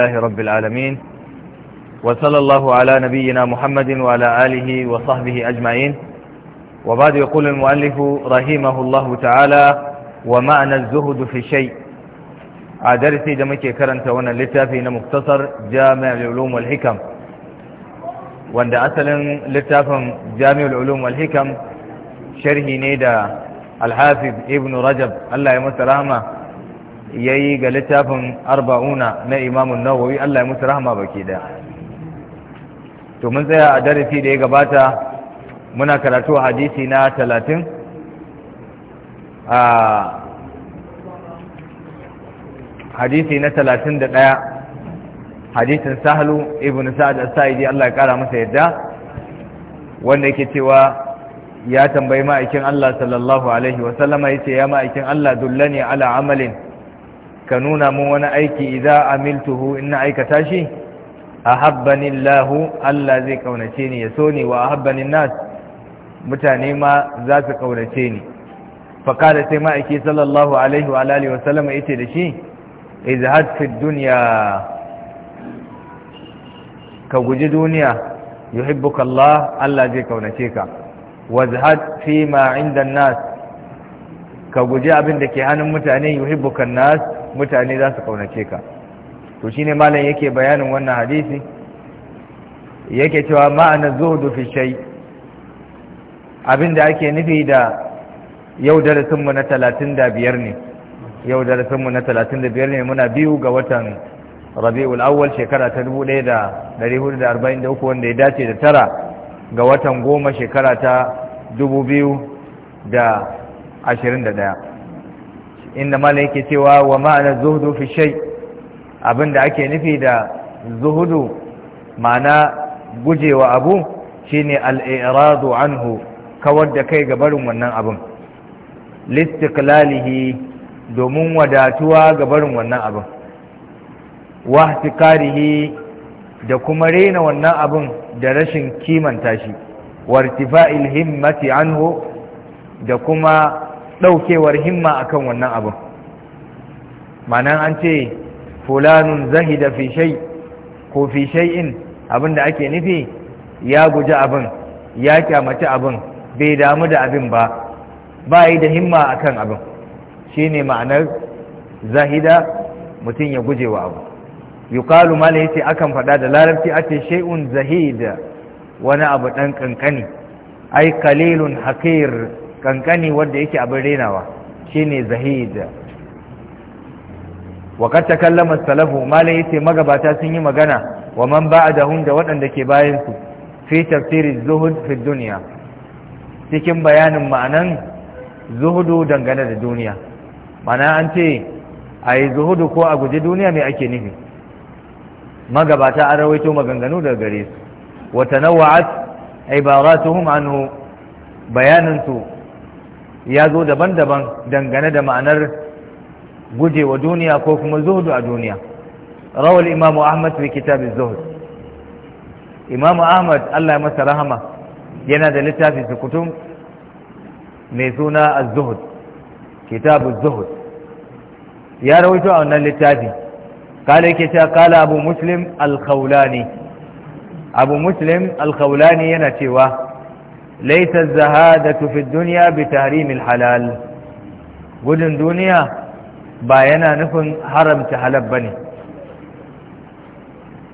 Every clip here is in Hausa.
الله رب العالمين وصلى الله على نبينا محمد وعلى آله وصحبه أجمعين وبعد يقول المؤلف رحمه الله تعالى ومعنى الزهد في شيء عدرسي دمك كرنت وانا لتافين مختصر جامع العلوم والحكم وان أصل لتافن جامع العلوم والحكم شرهي نيدا الحافظ ابن رجب الله يمس رحمه ya yi ga littafin arba'una na imamun nawawi Allah ya musu rahama baki daya to mun tsaya a darasi da ya gabata muna karatu hadisi na talatin a hadisi na talatin da ɗaya hadisin sahalu ibn sa'ad as-sa'idi Allah ya kara masa yadda wanda yake cewa ya tambayi ma'aikin Allah sallallahu alaihi wa sallama yace ya ma'aikin Allah dullani ala amalin ka nuna mun wani aiki idza amiltuhu in na aikata shi A ahabbani Lahu. Allah zai kaunace ni ya so ni wa ahabbani nas mutane ma za su kaunace ni Faƙada kada sai ma'aiki sallallahu alaihi wa alihi wa sallam yace da shi izhad fi dunya ka guji duniya yuhibbuka Allah Allah zai kaunace ka wazhad fi ma inda nas ka guji abin da ke hannun mutane yuhibbuka nas mutane za su kaunace ka to shi ne malam yake bayanin wannan hadisi yake cewa ma'ana zuhudu fi shai abinda ake nufi da yau na talatin na biyar ne yau na talatin na biyar ne muna biyu ga watan Rabiul Awwal shekara ta 1443 wanda ya dace da tara ga watan goma shekara ta 2021 inda malam yake cewa wa ma'ana zuhudu fi abin abinda ake nufi da zuhudu ma'ana gujewa abu shine al-i'radu anhu kawar da kai ga barin wannan abin listiqlalihi domin wadatuwa ga barin wannan abin wahtikarihi da kuma rena wannan abin da rashin kimanta shi wartifa'il himmati anhu da kuma ɗaukewar himma a kan wannan abin ma'anan an ce fulanun zahida fi shay ko fi abin da ake nufi ya guji abin ya kyamaci abin bai damu da abin ba ba yi da himma a kan abin Shi ne ma'anar zahida mutum ya guje wa abu ma mala yake akan faɗa da larabci ace shay'un zahida wani abu ɗan ƙanƙani. ai kalilun hakir kankani wanda yake abin renawa shine zahid wa kad takallama salafu malai yace magabata sun yi magana wa man dahun da waɗanda ke bayan su fi tafsiri zuhud fi dunya cikin bayanin ma'anan zuhudu dangane da duniya mana an ce a yi zuhudu ko a guji duniya mai ake nufi magabata an rawaito maganganu daga gare su wa tanawwa'at ibaratuhum anhu bayanin su ya zo daban-daban dangane da ma'anar gujewa duniya ko kuma zuhudu a duniya rawar imamu ahmad fi kitabin zuhud imamu ahmad allah ya masa rahama yana da littafin sukutun mai suna az-zuhud kitabun zuhud ya rawaito a wannan littafi kala yake cewa kala abu muslim al-khawlani abu muslim al-khawlani yana cewa laisa zahadatu fi duniya bi tahrimil halal gudun duniya ba yana nufin haramta halal ba ne,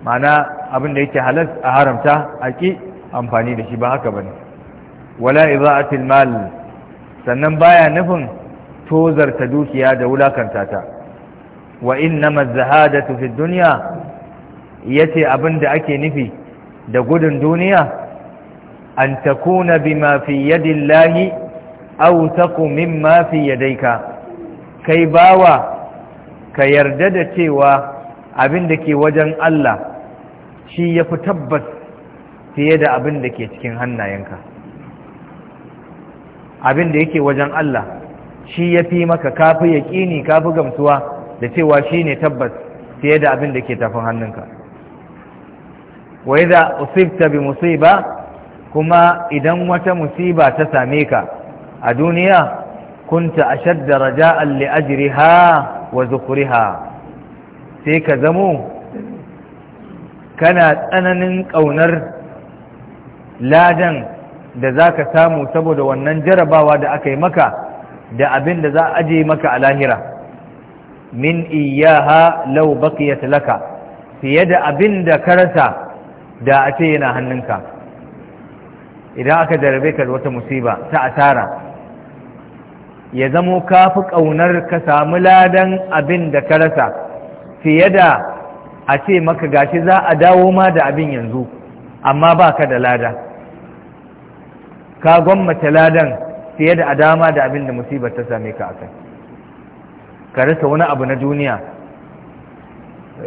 mana abin da yake halal a haramta a amfani da shi ba haka ba ne. wala iza'atil mal sannan baya nufin tozarta dukiya da wulakanta ta wa innama zahadatu fi duniya yace abin da ake nufi da gudun duniya an takuna bima fi lahi, au taku mimma fi yadayka kai bawa ka yarda da cewa abin da ke wajen Allah shi ya fi tabbas fiye da abin da ke cikin hannayenka abin da yake wajen Allah shi ya fi maka kafi yaƙini kafi gamsuwa da cewa shi ne tabbas fiye da abin da ke tafin hannunka wa idza usibta bi musiba kuma idan wata musiba ta same ka a duniya kunta shadda raja'an alli ajriha wa zukriha sai ka zamo kana tsananin ƙaunar ladan da za ka samu saboda wannan jarabawa da aka yi maka da abin da za a aje maka a lahira min iyaha lau ya laka fiye da abin da ka rasa da a ce yana hannunka idan aka jarabe ka da wata musiba ta asara ya zamo ka fi ƙaunar ka samu ladan abin da ka rasa fiye da a ce maka gashi za a dawo ma da abin yanzu amma ba ka da lada ka gwammace ladan fiye da a dama da abin da musibar ta same ka akai ka rasa wani abu na duniya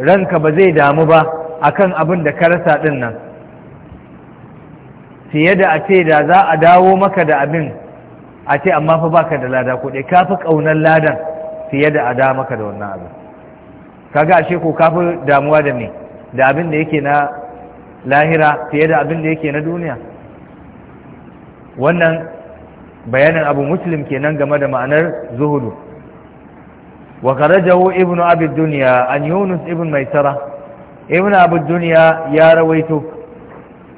ranka ba zai damu ba akan abin da ka rasa ɗin nan fiye da a ce da za a dawo maka da abin a ce amma fa baka da lada ko dai kafi kaunar ladan fiye da a dawo maka da wannan abin kaga ashe ko kafi damuwa da me da abin da yake na lahira fiye da abin da yake na duniya wannan bayanin abu muslim kenan game da ma'anar zuhudu wa kharajahu ibnu abi dunya an yunus ibn maisara ibnu abi dunya ya rawaito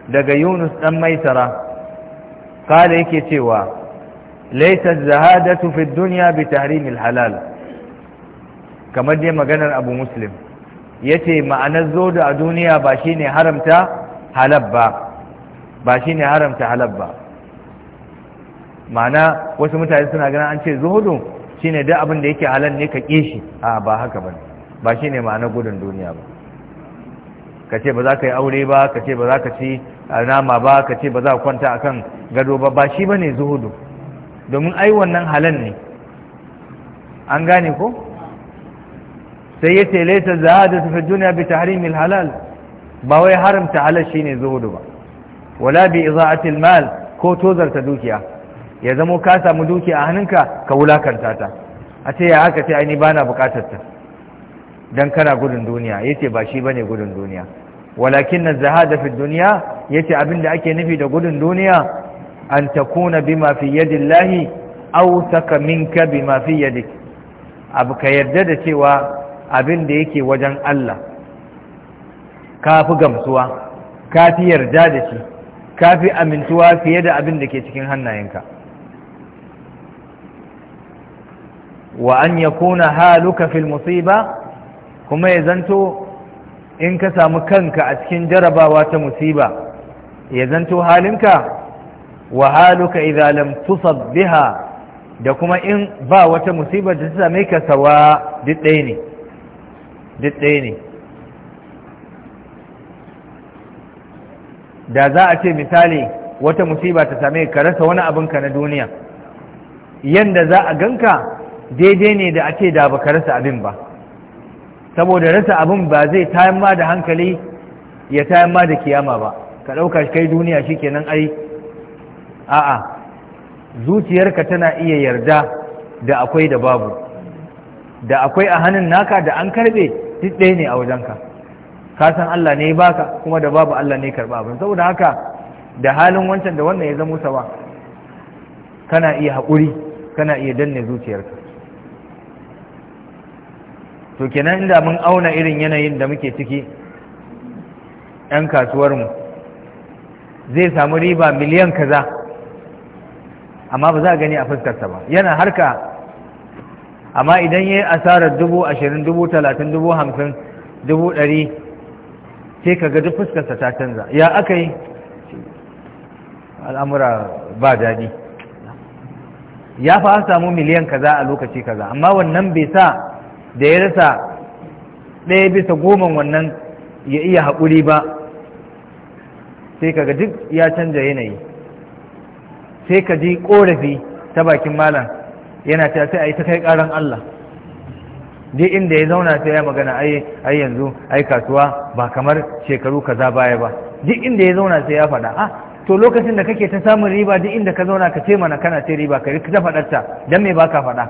daga yunus ɗan maisara kala yake cewa laisa zahadatu fi duniya bi tahrimil halal kamar dai maganar abu muslim yace ma'anar zo da a duniya ba shine haramta halal ba ba shine haramta halal ma'ana wasu mutane suna ganin an ce zuhudu shine duk abin da yake halal ne ka ƙi shi a ba haka ba ba shine ma'anar gudun duniya ba ka ce ba za ka yi aure ba ka ce ba za ka ci nama ba ka ce ba za ka kwanta kan gado ba ba shi ba ne zuhudu domin ai wannan halan ne an gane ko sai ya yace laysa za'a fi dunya bi tahrim al halal ba wai haramta halal ne zuhudu ba wala bi idaa'ati a mal ko tozarta dukiya ya zamo ka samu dukiya a hannunka ka wulakanta ta a ce ya haka ce ai ni bana bukatar ta dan kana gudun duniya yace ba shi bane gudun duniya walakin az-zahada fi dunya yace abinda ake nufi da gudun duniya an takuna bima fi yadillahi aw taka minka bima fi yadik abu ka yarda da cewa abinda yake wajen Allah kafi gamsuwa kafi yarda da shi kafi amintuwa fiye da abin da ke cikin hannayenka wa an ya yakuna haluka fil musiba kuma ya zanto in ka samu kanka a cikin jarabawa ta musiba ya zanto halinka wa haluka idza lam tusab biha da kuma in ba wata musibar da ta same ka sawa duk ne duk ne da za a ce misali wata musiba ta same ka rasa wani abinka na duniya yanda za a ganka daidai ne da a ce da baka rasa abin ba saboda rasa abin ba zai tayan ma da hankali ya tayan ma da kiyama ba ka ɗauka shi kai duniya shi kenan ai a'a zuciyarka tana iya yarda da akwai da babu da akwai a hannun naka da an karɓe duk ɗaya ne a wajenka ka san Allah ne baka kuma da babu Allah ne karɓa abin saboda haka da halin wancan da wannan ya zama sawa kana iya haƙuri kana iya danne zuciyarka to kenan inda mun auna irin yanayin da muke ciki 'yan kasuwarmu zai samu riba miliyan kaza amma ba za a gani a fuskarsa ba yana harka amma idan ya yi asarar dubu ashirin dubu talatin dubu hamsin dubu ɗari sai ka gaji fuskarsa ta canza ya aka yi al'amura ba daɗi ya fa samu miliyan kaza a lokaci kaza amma wannan bai sa da ya rasa ɗaya bisa goma wannan ya iya haƙuri ba sai kaga duk ya canja yanayi sai ka ji ƙorafi ta bakin malam yana ta sai a yi ta kai ƙaran Allah duk inda ya zauna sai ya magana ai yanzu ai kasuwa ba kamar shekaru kaza baya ba duk inda ya zauna sai ya faɗa a ah, to lokacin da kake ta samun riba duk inda ka zauna ka ce mana kana ce riba ka ta faɗarta don me baka faɗa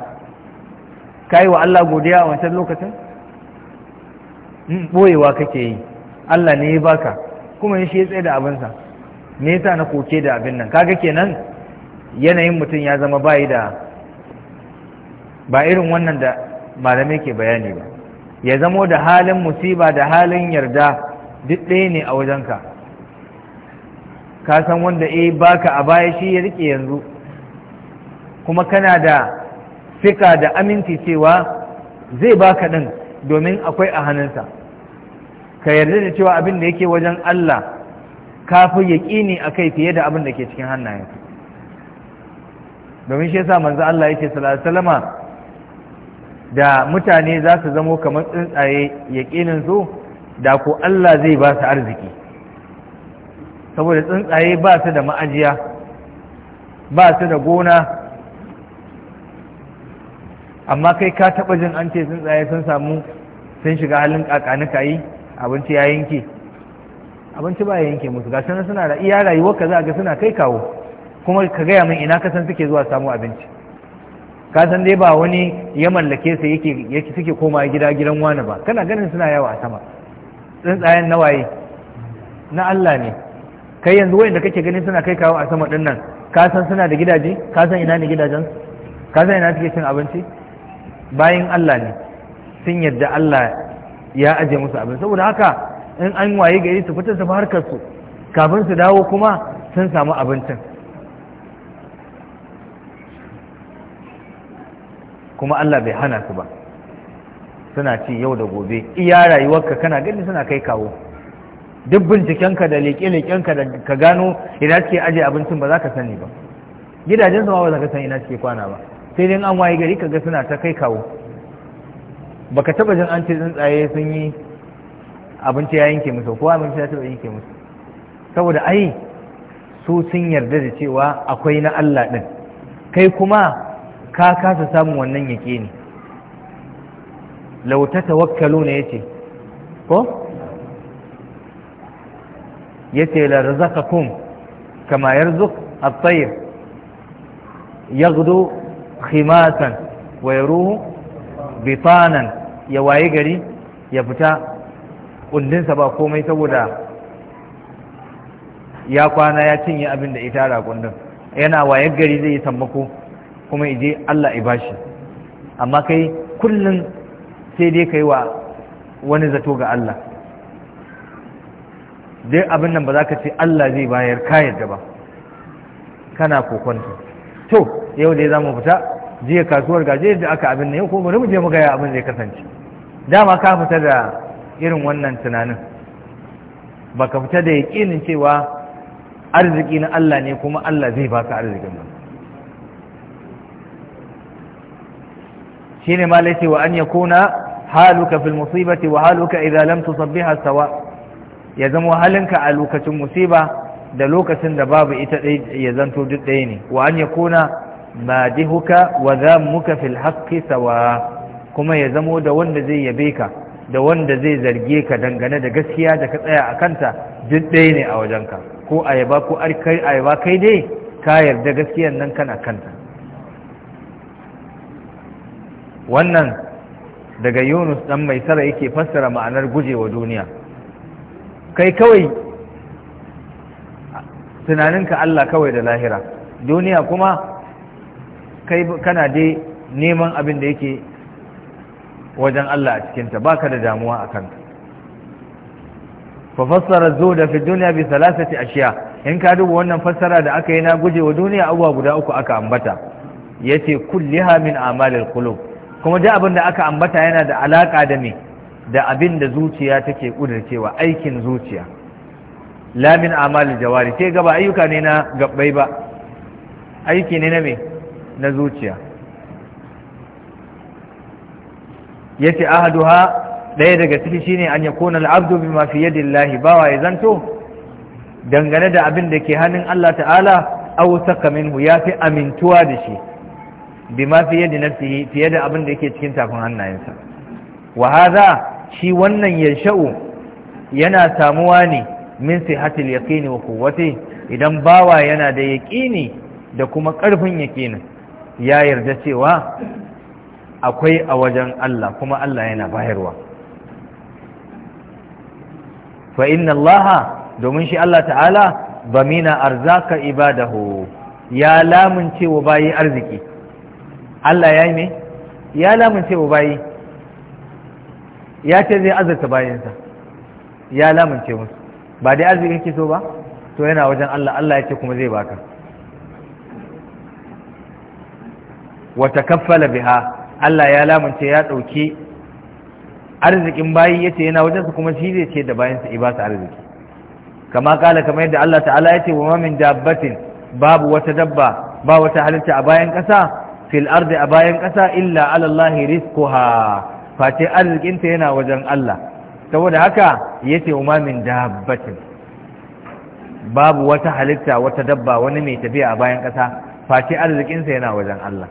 Ka yi wa Allah godiya a wancan lokacin boyewa hmm, kake yi Allah ne ya baka kuma shi ya tsaye da abinsa me yasa na koke da abin nan kaga kenan yanayin mutum ya zama bayi da ba irin wannan da malamai ke bayani ba ya zamo da halin musiba da halin yarda duk ɗaya ne a wajenka ka san wanda eh baka a baya shi ya rike yanzu kuma kana da fika da aminci cewa zai baka ɗin domin akwai a hannunsa ka yarda da cewa abin da yake wajen Allah ka fi yaƙini a kai fiye da abin da ke cikin hannayen domin shi yasa manzo Allah yake salama da mutane za su zamo kamar tsuntsaye yaƙinin su da ko Allah zai ba su arziki saboda tsuntsaye ba su da ma'ajiya ba su da gona amma kai ka taɓa jin an ce tsuntsaye sun samu sun shiga halin ka yi abinci ya yanke abinci ba ya yanke musu ga sanar suna da iya rayuwar ka za ga suna kai kawo kuma ka gaya min ina kasan suke zuwa samu abinci ka san dai ba wani ya mallake su yake yake suke koma gida gidan wani ba kana ganin suna yawa a sama tsuntsayen nawaye na Allah ne kai yanzu wayanda kake ganin suna kai kawo a sama din nan ka san suna da gidaje ka san ina ne gidajen ka san ina suke cin abinci bayan Allah ne sun yadda Allah ya aje musu abin saboda haka in an waye gari su fitar su harkar su kafin su dawo kuma sun samu abincin kuma Allah bai hana su ba suna ci yau da gobe iya rayuwarka kana gani suna kai kawo duk bincikenka da leƙe-leƙenka da ka gano ina suke aje abincin ba za ka sani ba gidajen ma ba za ka san ina suke kwana ba sai dai an waye gari kaga suna ta kai kawo baka taba jin an ce tsuntsaye sun yi abinci ya yanke musu ko abinci ya taba yanke musu saboda ai su sun yarda da cewa akwai na Allah din kai kuma ka kasa samun wannan yake ne lau ta tawakkalu ne yace ko yace la razaqakum kama yarzuq at-tayr yaghdu khimasan wa yaruhu bitanan ya waye gari ya fita kundinsa ba komai saboda ya kwana ya cinye abin da ita ra yana waye gari zai yi sammako kuma ije Allah ya bashi amma kai kullun sai dai kai wa wani zato ga Allah dai abin nan ba za ka ce Allah zai bayar ka yadda ba kana kokonta to yau dai za mu fita jiya kasuwar gaje da aka abin ne ko bari mu je mu ga abin zai kasance dama ka fita da irin wannan tunanin baka fita da yaƙinin cewa arziki na Allah ne kuma Allah zai baka arzikin nan shine malai cewa an yakuna haluka fil musibati wa haluka idza lam tusabbiha sawa ya zama halinka a lokacin musiba da lokacin da babu ita ya zanto duk ɗaya ne wa an yakuna madihuka wa zamuka fil haqqi sawa kuma ya zamo da wanda zai yabe ka da wanda zai zarge ka dangane da gaskiya da ka tsaya a kanta duk ɗaya ne a wajenka ko ko ayaba kai dai ka yarda gaskiyan nan kana kanta wannan daga yunus dan mai sara yake fassara ma'anar gujewa duniya kai kawai tunaninka allah kawai da lahira duniya kuma kai kana dai neman abin da yake wajen Allah a cikinta ba ka da damuwa a kanta fa fassara zuhuda fi duniya bi salasati ashiya in ka duba wannan fassara da aka yi na guje wa duniya abuwa guda uku aka ambata yace kulliha min amalil qulub kuma duk abin da aka ambata yana da alaka da me da abin da zuciya take kudircewa aikin zuciya la min jawari sai gaba ayyuka ne na gabbai ba aiki ne na me na zuciya yace ahaduha ɗaya daga ciki shine an yakuna al-abdu bima fi yadillahi bawa ya zanto dangane da abin da ke hannun Allah ta'ala aw saka minhu yafi amintuwa da shi bima fi yadi nafsihi fiye da abin da yake cikin tafin hannayensa wa hadha shi wannan yasha'u yana samuwa ne min sihatil yaqini wa quwwati idan bawa yana da yaqini da kuma ƙarfin yaqinin ya yarda cewa akwai a wajen Allah kuma Allah yana bayarwa fa inna Allah domin shi Allah ta'ala bamina arzaka ibadahu ya lamun wa bayi arziki Allah ya yi me ya lamun wa bayi ya ce zai azurta bayansa ya lamun musu ba dai arziki kake so ba to yana wajen Allah Allah ya ce kuma zai baka Wata kaffala biha Allah ya lamunce ya ɗauki arzikin bayi ya ce yana wajensa kuma shi zai ce da bayansa iba su arziki kama kala kamar yadda Allah ta'ala ya ce wa ma dabbatin babu wata dabba ba wata halitta a bayan ƙasa fil ardi a bayan ƙasa illa ala Allah face arzikinta yana wajen Allah saboda haka yace wa ma min dabbatin babu wata halitta wata dabba wani mai tafiya a bayan ƙasa face arzikinsa yana wajen Allah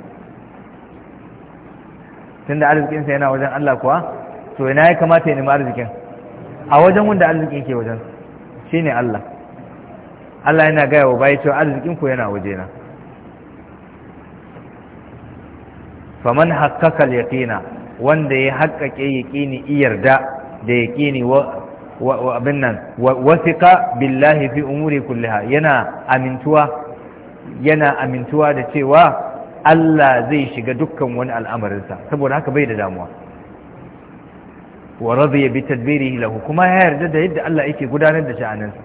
tunda arzikinsa yana wajen Allah kuwa to ina ya kamata ya nemi arzikin a wajen wanda arzikin ke wajen shine Allah Allah yana gaya wa bayi cewa arzikin ku yana waje wajena faman haqqaqa al wanda ya haƙƙaƙe yaqini iyarda da yaqini wa abin nan billahi fi umuri kulliha yana amintuwa yana amintuwa da cewa Allah zai shiga dukkan wani al'amarinsa saboda haka bai da damuwa wa radiya bi tadbirihi lahu kuma ya yarda da yadda Allah yake gudanar da sha'aninsa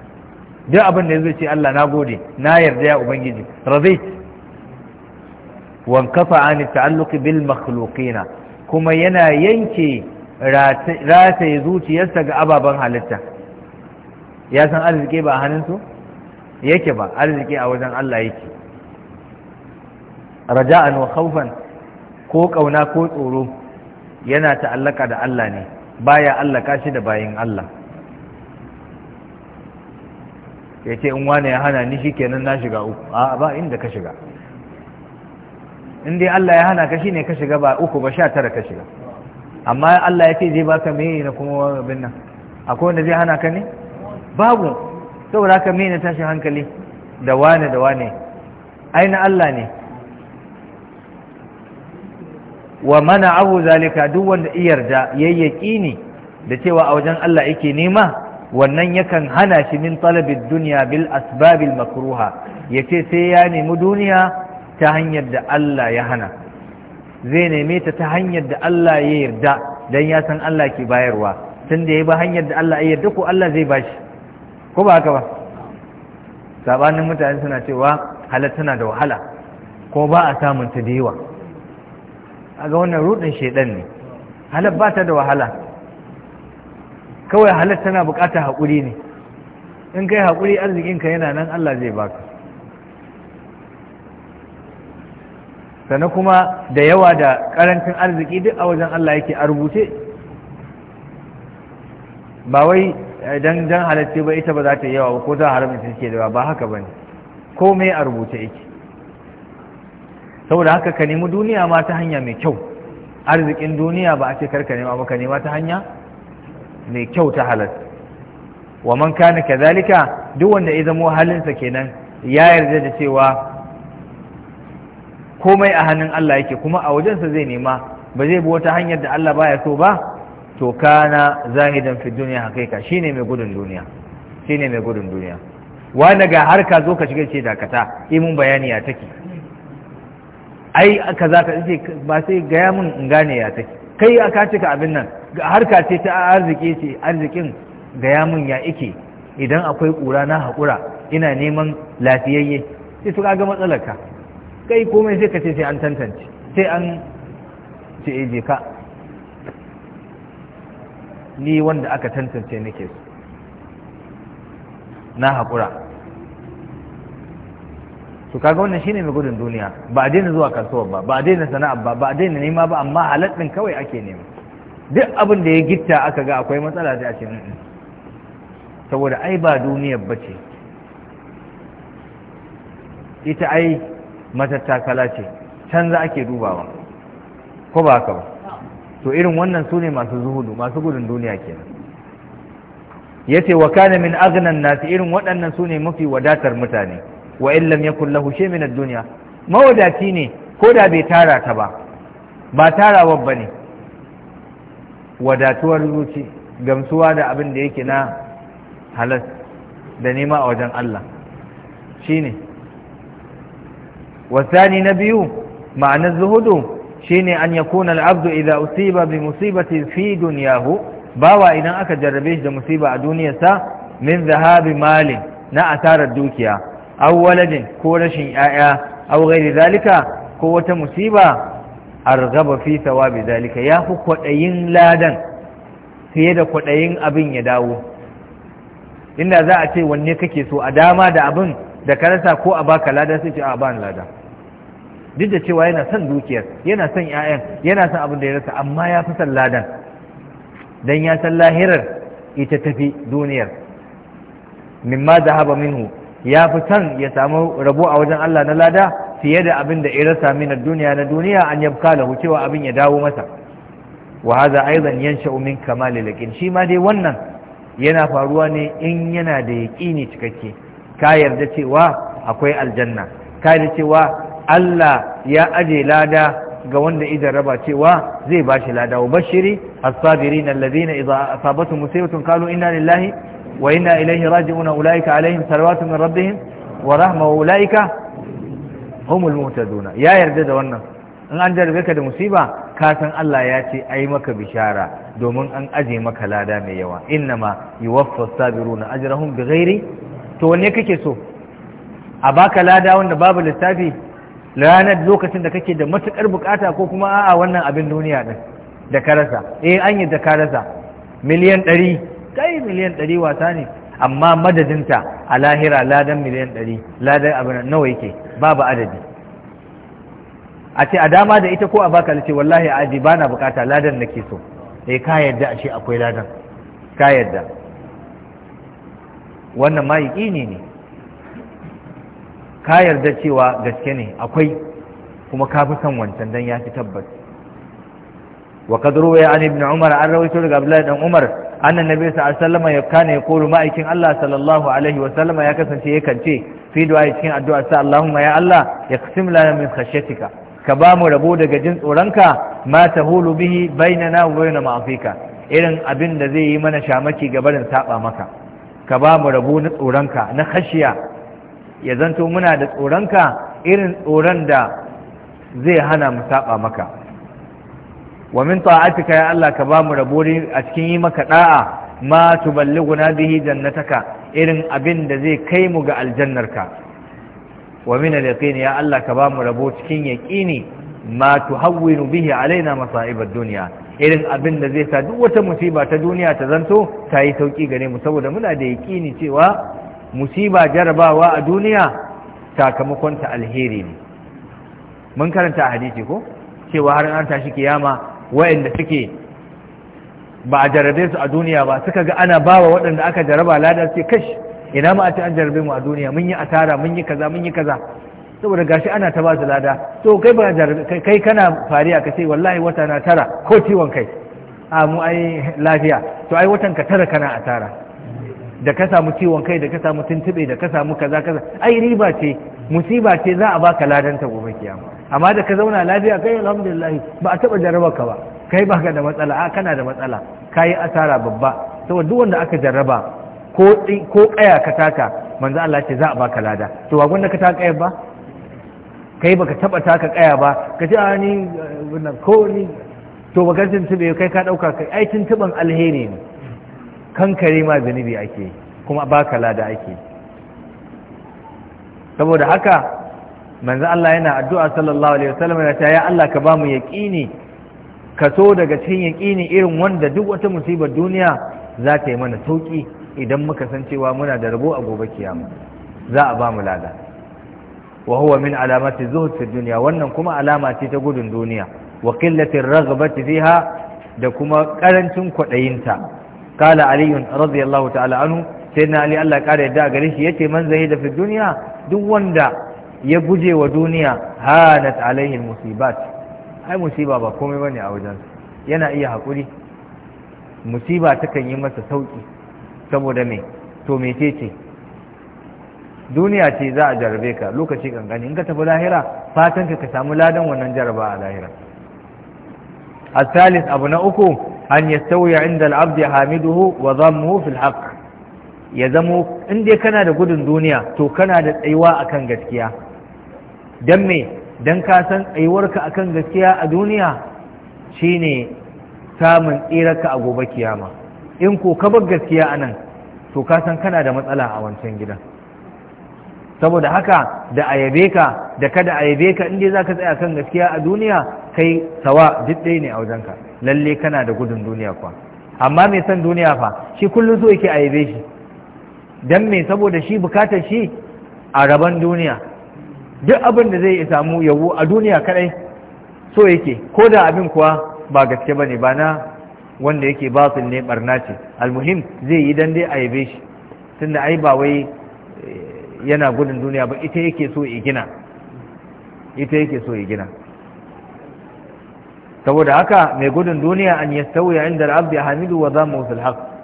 duk abin da yazo ce Allah na gode na yarda ya ubangiji radait wan kafa an ta'alluq bil makhluqina kuma yana yanke rataye zuciyarsa ga ababen halitta ya san arziki ba hannunsu yake ba arziki a wajen Allah yake raja'an wa khawfan ko kauna ko tsoro yana ta'allaka da Allah ne baya allaka shi da bayin Allah ya ce in wane ya hana ni shikenan na shiga uku a ba inda ka shiga in dai Allah ya hana ka shine ka shiga ba uku ba sha tara ka shiga amma Allah ya ce zai baka me na kuma abin nan akwai wanda zai hana ka ne babu saboda ka me na tashin hankali da wane da wane ai na Allah ne wa mana abu zalika duk wanda iyarda yayyaki ne da cewa a wajen Allah yake nema wannan yakan hana shi min talabid duniya bil asbabil makruha yace sai ya nemi duniya ta hanyar da Allah ya hana zai neme ta ta hanyar da Allah ya yarda dan ya san Allah ke bayarwa tun da ya ba hanyar da Allah ya yarda ko Allah zai bashi ko ba haka ba sabanin mutane suna cewa hala tana da wahala ko ba a samun ta da yawa a ga wannan rudin shaidan ne halar ba da wahala kawai halar tana bukatar haƙuri ne in kai haƙuri arzikinka yana nan Allah zai baka sannan kuma da yawa da ƙarancin arziki duk a wajen Allah yake a rubuce ba wai dan dan halarci ba ita ba za ta yawa ko za haramta take da ba haka bane komai a rubuce yake saboda haka ka nemi duniya ma ta hanya mai kyau arzikin duniya ba a ce karka nema ba ka nema ta hanya mai kyau ta halar wa man kana kazalika duk wanda ya zamo halinsa kenan ya yarda da cewa komai a hannun Allah yake kuma a wajensa zai nema ba zai bi wata hanyar da Allah baya so ba to kana zahidan fi duniya hakika shine mai gudun duniya shine mai gudun duniya wanda ga har ka zo ka shiga ce dakata imun bayani ya take ai aka za ka ce ba sai gaya mun in gane ya take kai a ka cika abin nan harka ce ta arziki ce arzikin gaya mun ya ike idan akwai kura na haƙura ina neman lafiyayye sai su kaga matsalar ka kai komai sai ka ce sai an tantance sai an ce eje eh, ka ni wanda aka tantance nake su na haƙura to kaga wannan shine mai gudun duniya ba a daina zuwa kasuwar ba ba a daina sana'ar ba ba a daina nema ba amma halal din kawai ake nema duk abin da ya gitta aka ga akwai matsala da ake nan saboda ai ba duniyar bace ita ai matattakala ce canza ake dubawa ko ba haka ba to irin wannan su ne masu zuhudu masu gudun duniya kenan yace wa kana min aghnan nas irin waɗannan su ne mafi wadatar mutane wa in lam yakun lahu shay min ad-dunya mawadaci ne ko da bai tara ta ba ba tarawar ba ne wadatuwar zuci gamsuwa da abin da yake na halas da nema a wajen Allah shine wasani na biyu ma'anar zuhudu shine an yakuna al-abdu idza usiba bi musibatin fi dunyahu bawa idan aka jarrabe shi da musiba a duniyarsa min zahabi Mali na asarar dukiya aw waladin ko rashin yaya aw ghairi zalika ko wata musiba argaba fi thawabi zalika ya fi kwadayin ladan fiye da kwaɗayin abin ya dawo inda za a ce wanne kake so a dama da abin da ka rasa ko a baka lada sai ce a ba lada duk da cewa yana son dukiyar yana son 'ya'yan yana son abin da ya rasa amma ya fi son ladan dan ya san lahirar ita tafi duniyar mimma zahaba minhu ya fi son ya samu rabo a wajen Allah na lada fiye da abin da irasa min duniya na duniya an yabka lahu cewa abin ya dawo masa wa aizan yan yansha'u min kamali lakin shi ma dai wannan yana faruwa ne in yana da yaqini cikakke ka yarda cewa akwai aljanna ka yarda cewa Allah ya aje lada ga wanda idan raba cewa zai bashi lada wa bashiri as-sabirin alladhina idza asabatuhum musibatun qalu inna lillahi wa inna ilaihi raji'un ulaika alaihim salawatu min wa rahma ulaika humul muhtaduna ya yarda da wannan in an jarbe ka da musiba ka san Allah ya ce ai maka bishara domin an aje maka lada mai yawa innama yuwaffa sabiruna ajrahum bighairi to wanne kake so a baka lada wanda babu lissafi ranar lokacin da kake da matukar bukata ko kuma a'a wannan abin duniya da karasa eh da karasa miliyan ɗari kai miliyan ɗari wasa ne amma madadinta a lahira ladan miliyan ɗari ladan abu nawa yake babu adadi a ce a dama da ita ko a baka lice, wallahi a aji bana bukata ladan na ke so E, ka yadda a ce akwai ladan ka yadda wannan ma yaƙini ne ka yarda cewa gaske ne akwai kuma ka fi son wancan dan ya fi tabbas wa kadruwa ya an ibn umar an rawaito daga abdullahi dan umar anna nabi sallallahu alaihi wasallam ya kana ya kulu ma'aikin Allah sallallahu alaihi wasallam ya kasance ya kance fi du'a cikin addu'a sa Allahumma ya Allah ya qasim lana min khashyatika ka ba mu rabo daga jin tsoronka ma tahulu bihi bainana wa bain ma'afika irin abin da zai yi mana shamaki ga barin saba maka ka ba mu rabo na tsoronka na khashiya ya zanto muna da tsoronka irin tsoron da zai hana mu saba maka wa min ta'atika ya Allah ka ba mu rabo a cikin yi maka da'a ma tuballighuna bihi jannataka irin abin da zai kai mu ga aljannarka wa min al-yaqini ya Allah ka ba mu rabo cikin yaqini ma tuhawwinu bihi alaina masa'ib ad-dunya irin abin da zai sa duk wata musiba ta duniya ta zanto ta yi sauki gare mu saboda muna da yaqini cewa musiba jarabawa a duniya sakamakon ta alheri ne mun karanta a hadisi ko cewa har an tashi kiyama wa'anda suke ba a jarabe su a duniya ba suka ga ana bawa waɗanda aka jaraba lada ce kashi ina ma a ce an jarabe mu a duniya mun yi asara mun yi kaza mun yi kaza saboda gashi ana ta ba su lada to kai ba jarabe kai kana fariya ka ce wallahi wata na tara ko ciwon kai a mu ai lafiya to ai watan ka tara kana asara da ka samu ciwon kai da ka samu tuntube da ka samu kaza kaza ai riba ce musiba ce za a baka ladanta gobe kiyama amma da ka zauna lafiya kai alhamdulillah ba a taba jarraba ka ba kai ba da matsala a kana da matsala kayi asara babba saboda duk wanda aka jarraba ko ko kaya ka taka manzo Allah ce za a baka lada to wagon da ka taka kaya ba kai baka taba taka kaya ba ka a ah, ni ko ni to baka tuntube kai ka dauka kai ai tuban alheri ne kankare ma zunubi ake kuma baka lada ake saboda haka manzo Allah yana addu'a sallallahu alaihi wasallam ya ta ya Allah ka ba mu yaqini ka so daga cikin yaqini irin wanda duk wata musibar duniya za ta yi mana sauki idan muka san cewa muna da rabo a gobe kiyama za a ba mu lada wa huwa min alamati zuhd fi dunya wannan kuma alama ce ta gudun duniya wa qillati raghbati fiha da kuma karancin kwadayinta kala ali radiyallahu ta'ala anhu sayyidina ali Allah ya kare a gare shi yace man zahida fi dunya duk wanda ya guje wa duniya hanat alaihi musibat ai musiba ba komai bane a wajen yana iya hakuri musiba takan yi masa sauki saboda me to mecece duniya ce za a jarabe ka lokaci kankani in ka tafi lahira fatan ka samu ladan wannan jaraba a lahira الثالث أبو نأكو أن يستوي عند العبد حامده وضمه في الحق ya zamo inda kana da gudun duniya to kana da tsayuwa akan gaskiya don me don ka san tsayuwarka akan gaskiya a duniya shine samun tsirarka a gobe kiyama in ko ka bar gaskiya a nan to ka san kana da matsala a wancan gidan saboda haka da ayabe ka da kada ayabe ka inda za ka tsaya kan gaskiya a duniya kai sawa duk ɗaya ne a wajenka lalle kana da gudun duniya kuwa. amma mai san duniya fa shi kullum so yake ayabe shi don me saboda shi bukatar shi a rabon duniya duk abin da zai samu yabo a duniya kadai so yake ko da abin kuwa ba gaske ba ne ba na wanda yake batil ne barna ce almuhim zai yi dan dai a yabe shi tunda ai ba wai eh, yana gudun duniya ba ita yake so ya gina ita yake so ya gina saboda haka mai gudun duniya an sauya inda al-abdi hamidu wa zamu fil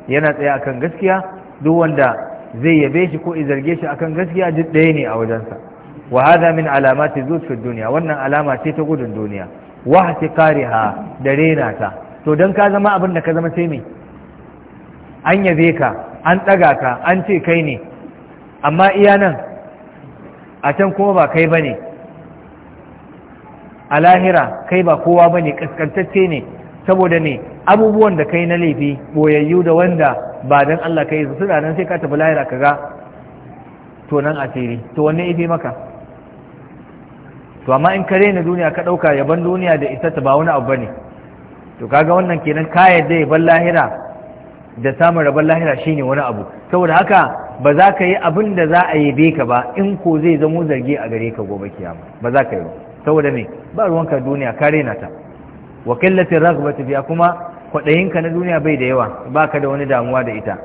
yana tsaye akan gaskiya duk wanda zai yabe shi ko izarge shi akan gaskiya duk ɗaya ne a wajensa wa hadha min alamati zuhd fi dunya wannan alama ce ta gudun duniya wa ihtiqariha da rena ta to dan ka zama abin da ka zama sai me an yabe ka an daga ka an ce kai ne amma iya nan a can kuma ba kai bane a lahira kai ba kowa bane kaskantacce ne saboda ne abubuwan da kai na laifi boyayyu da wanda ba dan Allah kai su suna nan sai ka tafi lahira kaga to nan asiri to wanne ife maka to amma in ka na duniya ka ɗauka yaban duniya da ita ta ba wani abu ne. to kaga wannan kenan ka yadda yaban lahira da samun rabar lahira shine wani abu saboda haka ba za ka yi abin da za a yabe ka ba in ko zai zamo zargi a gare ka gobe kiyama ba za ka yi ba saboda me ba ruwanka duniya ka rena ta wa kallatin ragbata biya kuma kwaɗayinka na duniya bai da yawa baka da wani damuwa da ita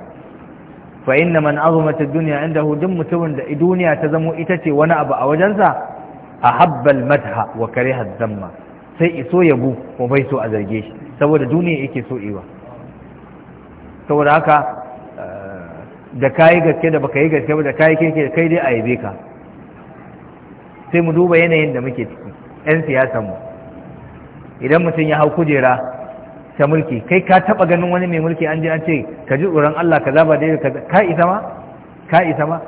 fa inna man azumata duniya inda hudun mutumin da duniya ta zamo ita ce wani abu a wajensa a habbal madha wa kare zamma sai iso yabo ko bai so a zarge shi saboda duniya yake so iwa saboda haka da kayi gaske da baka yi gaske ba da kayi keke kai dai a yabe ka sai mu duba yanayin da muke ciki 'yan siyasan mu idan mutum ya hau kujera ta mulki kai ka taba ganin wani mai mulki an je an ce ka ji tsoron Allah ka zaba dai ka isa ma ka isa ma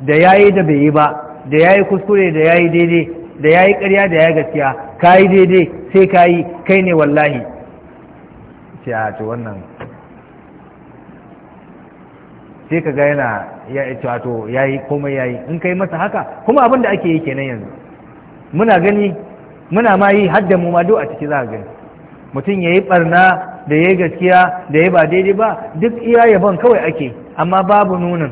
da yayi da bai yi ba da ya yi kuskure da ya yi daidai da ya yi ƙarya da ya yi gaskiya ka yi daidai sai ka yi kai ne wallahi ce a wannan sai ka ga yana ya yi to ya yi komai ya yi in kai masa haka kuma abin da ake yi kenan yanzu muna gani muna ma yi hadda mu ma duk a ciki za a gani mutum ya yi barna da ya yi gaskiya da ya ba daidai ba duk iya yabon kawai ake amma babu nunin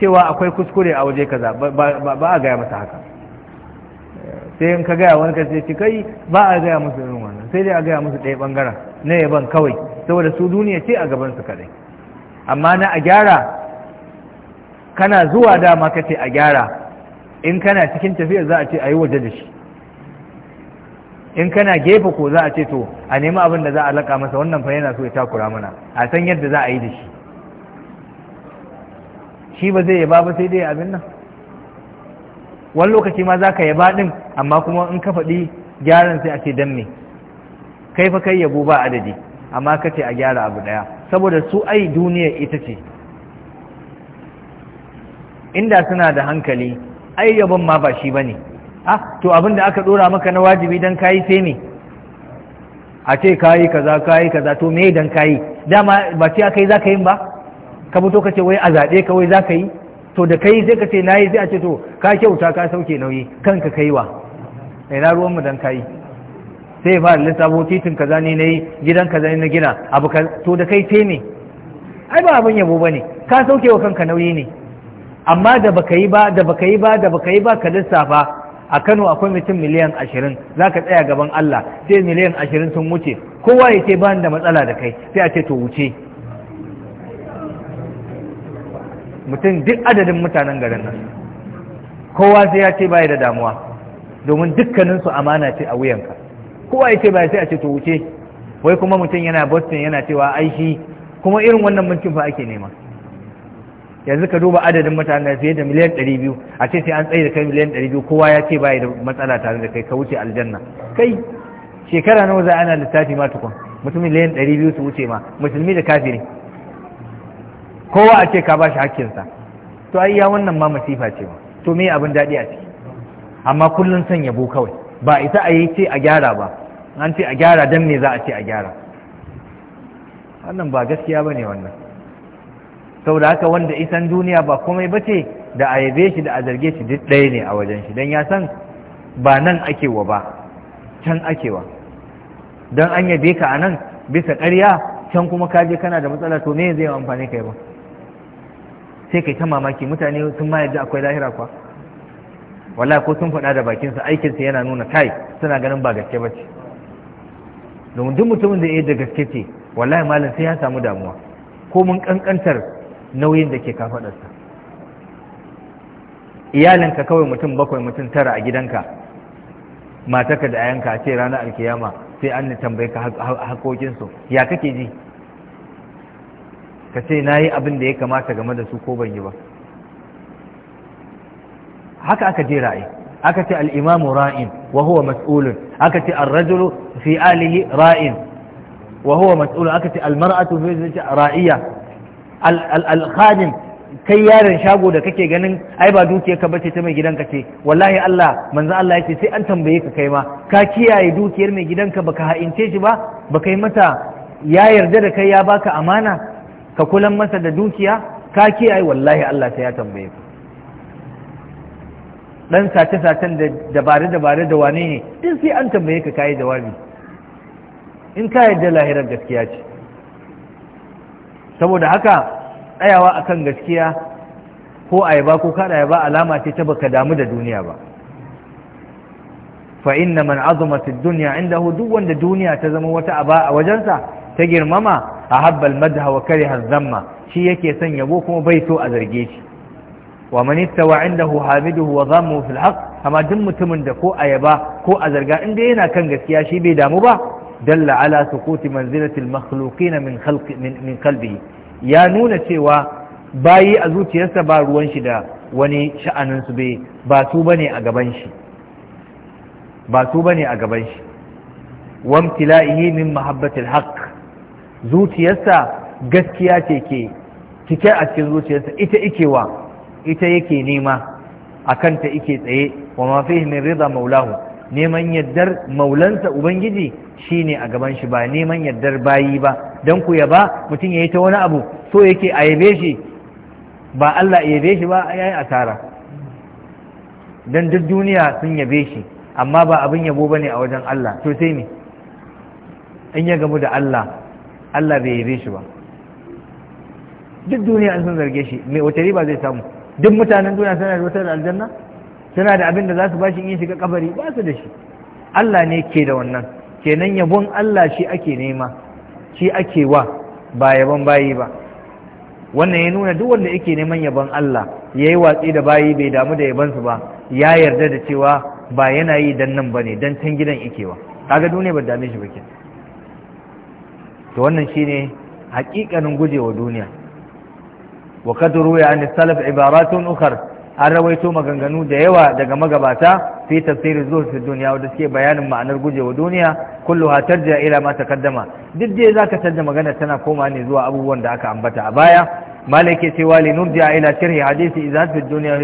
cewa akwai kuskure a waje kaza ba a gaya masa haka sai in ka gaya wani kace ci kai ba a gaya musu irin wannan sai dai a gaya musu ɗaya ɓangaren na yaban kawai saboda su duniya ce a gaban su kadai amma na a gyara kana zuwa dama kace a gyara in kana cikin tafiya za a ce a yi waje da shi in kana gefe ko za a ce to a nemi abin da za a laka masa wannan fa yana so ya takura mana a san yadda za a yi da shi shi ba zai yaba ba sai dai abin nan wani lokaci ma za ka yaba ɗin amma kuma in ka faɗi gyaran sai a ce dan me kai fa kai yabo ba adadi amma ka ce a gyara abu ɗaya saboda su ai duniya ita ce inda suna da hankali ai yabon ma ba shi ba ne ah to abin da aka ɗora maka na wajibi don kayi sai me a ce kayi kaza kayi kaza to me dan kayi dama ba ce a kai za ka yin ba ka mutu ka ce wai a zaɓe ka wai za ka yi to da ka yi sai ka ce na yi sai a ce to ka kyauta ka sauke nauyi kanka kai wa ina ruwanmu dan ka yi sai ba lissafo titin kaza ne na yi gidan kaza ne na gina abu ka to da kai sai ne ai ba abin yabo ba ne ka sauke wa kanka nauyi ne amma da baka yi ba da baka yi ba da baka yi ba ka lissafa a Kano akwai mutum miliyan ashirin za ka tsaya gaban Allah sai miliyan ashirin sun wuce kowa ya ce ba da matsala da kai sai a ce to wuce mutum duk adadin mutanen garin nan kowa sai ya ce baya da damuwa domin dukkaninsu amana ce a wuyanka kowa ya ce baya sai a ce to wuce wai kuma mutum yana boston yana cewa aishi kuma irin wannan mulkin fa ake nema yanzu ka duba adadin mutane fiye da miliyan ɗari a ce sai an tsaye da kai miliyan ɗari kowa ya ce baya da matsala tare da kai ka wuce aljanna kai shekara nawa za ana lissafi ma tukun mutum miliyan ɗari su wuce ma musulmi da kafiri kowa a ce ka ba shi hakkinsa to ai ya wannan ma masifa ce ba to me abin daɗi a ciki amma kullum son yabo kawai ba ita a yi ce a gyara ba an ce a gyara dan me za a ce a gyara wannan ba gaskiya ba ne wannan saboda haka wanda isan duniya ba komai ba ce da a yabe shi da a zarge shi duk ɗaya ne a wajen shi don ya san ba nan wa ba can wa? don an yabe ka a nan bisa ƙarya can kuma ka kana da matsala to me zai amfani kai ba sai kai ta mamaki mutane sun ma yadda akwai lahira kwa wala ko sun faɗa da bakinsa aikinsa yana nuna kai suna ganin ba gaske ba ce domin duk mutumin da ya da gaske ce wallahi malam sai ya samu damuwa ko mun kankantar nauyin da ke kafaɗarsa iyalinka kawai mutum bakwai mutum tara a gidanka mataka da ayanka a ce rana alkiyama sai an tambaye ka haƙoƙinsu ya kake ji ka ce na yi abin da ya kamata game da su ko ban yi ba haka aka je ra'ayi aka ce al'imamu ra'in wa huwa mas'ulun aka ce ar-rajulu fi alihi ra'in wa huwa mas'ulun aka ce al-mar'atu fi zati ra'iya al-khadim kai yaron shago da kake ganin ai ba dukiyar ka bace ta mai gidanka ce wallahi Allah manzo Allah yake sai an tambaye ka kai ma ka kiyaye dukiyar mai gidanka baka ha'ince shi ba baka yi mata ya yarda da kai ya baka amana ka kulan masa da dukiya ka kiyaye wallahi Allah ta ya tambaye ka dan sace sacen da dabare dabare da wane ne din sai an tambaye ka kai jawabi in ka yarda lahirar gaskiya ce saboda haka tsayawa akan gaskiya ko ayaba ko kada ba alama ce ta baka damu da duniya ba fa inna man azumat ad-dunya indahu duk wanda duniya ta zama wata aba a wajensa ta girmama ahabba al-madha wa kariha dhamma shi yake son yabo kuma bai so a zarge shi wa man istawa indahu hamiduhu wa dhammu fil haqq amma duk mutumin da ko ayaba ko a zarga inda yana kan gaskiya shi bai damu ba dalla ala sukuti manzilati al-makhluqin min khalqi min ya nuna cewa bayi a zuciyarsa ba ruwan shi da wani sha'anin su bai ba su bane a gaban shi ba su bane min mahabbatil haqq zuciyarsa gaskiya ce ke cike a cikin zuciyarsa ita ikewa ita yake nema a kanta ike tsaye wa ma fihi min rida maulahu neman yaddar maulansa ubangiji shi ne a gaban shi ba neman yaddar bayi ba don ku yaba mutum ya yi ta wani abu so yake a yabe shi ba Allah ya yabe shi ba yayi asara don duk duniya sun yabe shi amma ba abin yabo ba ne a wajen Allah to sai ne in ya gamu da Allah Allah bai yabe shi ba duk duniya an san zarge shi mai wata riba zai samu duk mutanen duniya suna da wutar aljanna suna da abin da za su bashi in shiga kabari ba su da shi Allah ne ke da wannan kenan yabon Allah shi ake nema shi ake wa ba yabon bayi ba wannan ya nuna duk wanda yake neman yabon Allah ya yi watsi da bayi bai damu da su ba ya yarda da cewa ba yana yi dan nan ba ne dan can gidan ikewa kaga duniya ba dame shi ba kenan to wannan shine haƙiƙanin gujewa duniya wa kad ruya an salaf ibaratun ukhar an rawaito maganganu da yawa daga magabata fi tafsir zuwa fi dunya wanda suke bayanin ma'anar gujewa duniya kulluha tarja ila ma kaddama. duk dai zaka canza magana tana koma ne zuwa abubuwan da aka ambata a baya malaike cewa li nurja ila shirhi hadisi idza fi dunya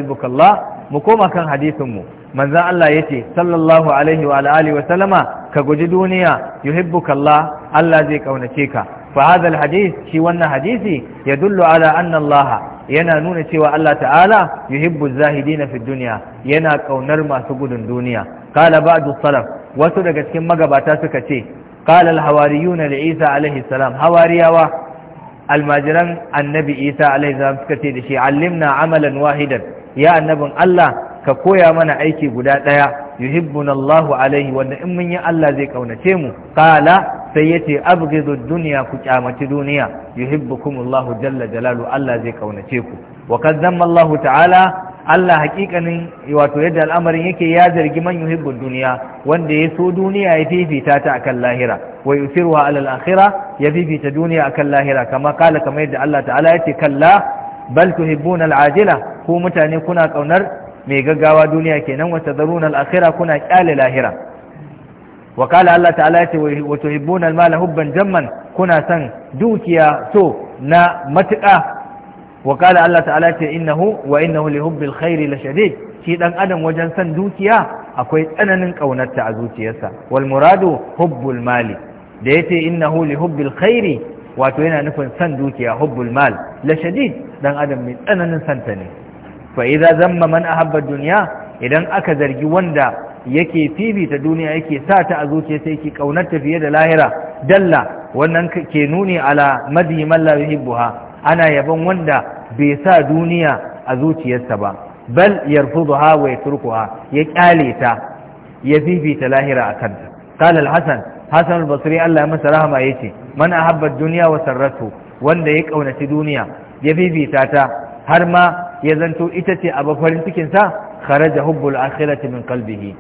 mu koma kan hadisin mu manzan Allah ya ce sallallahu alaihi wa alihi wa salama. ka guji duniya yuhibbuka Allah Allah zai kaunace ka fa hadha alhadith shi wannan hadisi yadullu ala anna Allah yana nuna cewa Allah ta'ala yuhibbu zahidina fi dunya yana kaunar masu gudun duniya qala ba'du salaf wasu daga cikin magabata suka ce qala alhawariyuna li Isa alaihi salam hawariyawa almajiran annabi Isa alaihi salam suka ce da shi allimna amalan wahidan ya annabin Allah ka koya mana aiki guda ɗaya yuhibbuna Allahu alaihi wanda in mun yi Allah zai kaunace mu qala sai yace abghidu dunya ku kyamaci duniya yuhibbukum Allahu jalla jalalu Allah zai kaunace ku wa kazzama Allahu ta'ala Allah hakikanin wato yadda al'amarin yake ya zargi man yuhibbu duniya wanda ya so duniya ya fifita ta akan lahira wa yusiruha alal akhirah ya fifita duniya akan lahira kama kala kamar yadda Allah ta'ala yace kalla bal tuhibbuna al'ajila ku mutane kuna kaunar mai gaggawa duniya kenan wa tadharuna al-akhira kuna ƙyale lahira wa Allah ta'ala ce wa tuhibbuna al hubban jamman kuna san dukiya so na matuƙa wa qala Allah ta'ala ce innahu wa innahu li hubbil khairi la shadid shi dan adam wajen san dukiya akwai tsananin kaunarta a zuciyarsa wal muradu hubbul mali da yace innahu li hubbil khairi wato yana nufin san dukiya hubbul mal la shadid dan adam mai tsananin santa ne fa idza zamma a habar duniya, idan aka zargi wanda yake fifita duniya yake sa ta a zuciya sai yake ƙaunarta fiye da lahira dalla wannan ke nuni ala madi man la ana yaban wanda bai sa duniya a zuciyarsa ba bal yarfudha wa yatrukuha ya kyale ta ya fifita lahira a kanta. qala hasan hasan basri Allah masa rahama ce. man a habar duniya wa sarratu wanda ya ƙaunaci duniya ya fifita ta har ma ya zanto ita ce abu farin cikinsa sa kharaja hubbul akhirati min qalbihi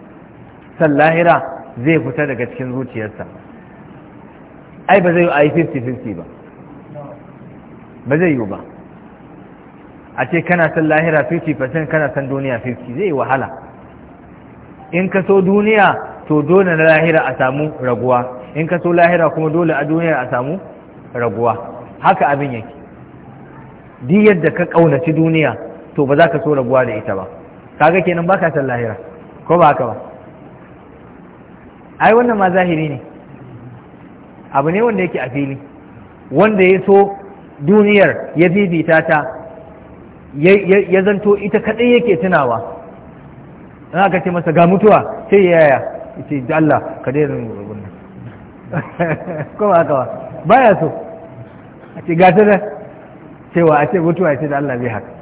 san lahira zai fita daga cikin zuciyarsa ai ba zai yi ai 50-50 ba ba zai yi ba a ce kana san lahira 50% kana san duniya 50 zai yi wahala in ka so duniya to dole na lahira a samu raguwa in ka so lahira kuma dole a duniya a samu raguwa haka abin yake Di yadda ka ƙaunaci duniya to ba za ka so rabuwa da ita ba kaga kenan baka san lahira ko ba haka ba ai wannan ma zahiri ne abu ne wanda yake a fili wanda ya so duniyar ya bibita ta ya zanto ita kadai yake tunawa in ka ce masa ga mutuwa sai yaya ce da Allah ka dai zan gurbin nan ba haka ba baya so a ce gata da cewa a ce mutuwa ce da Allah zai haka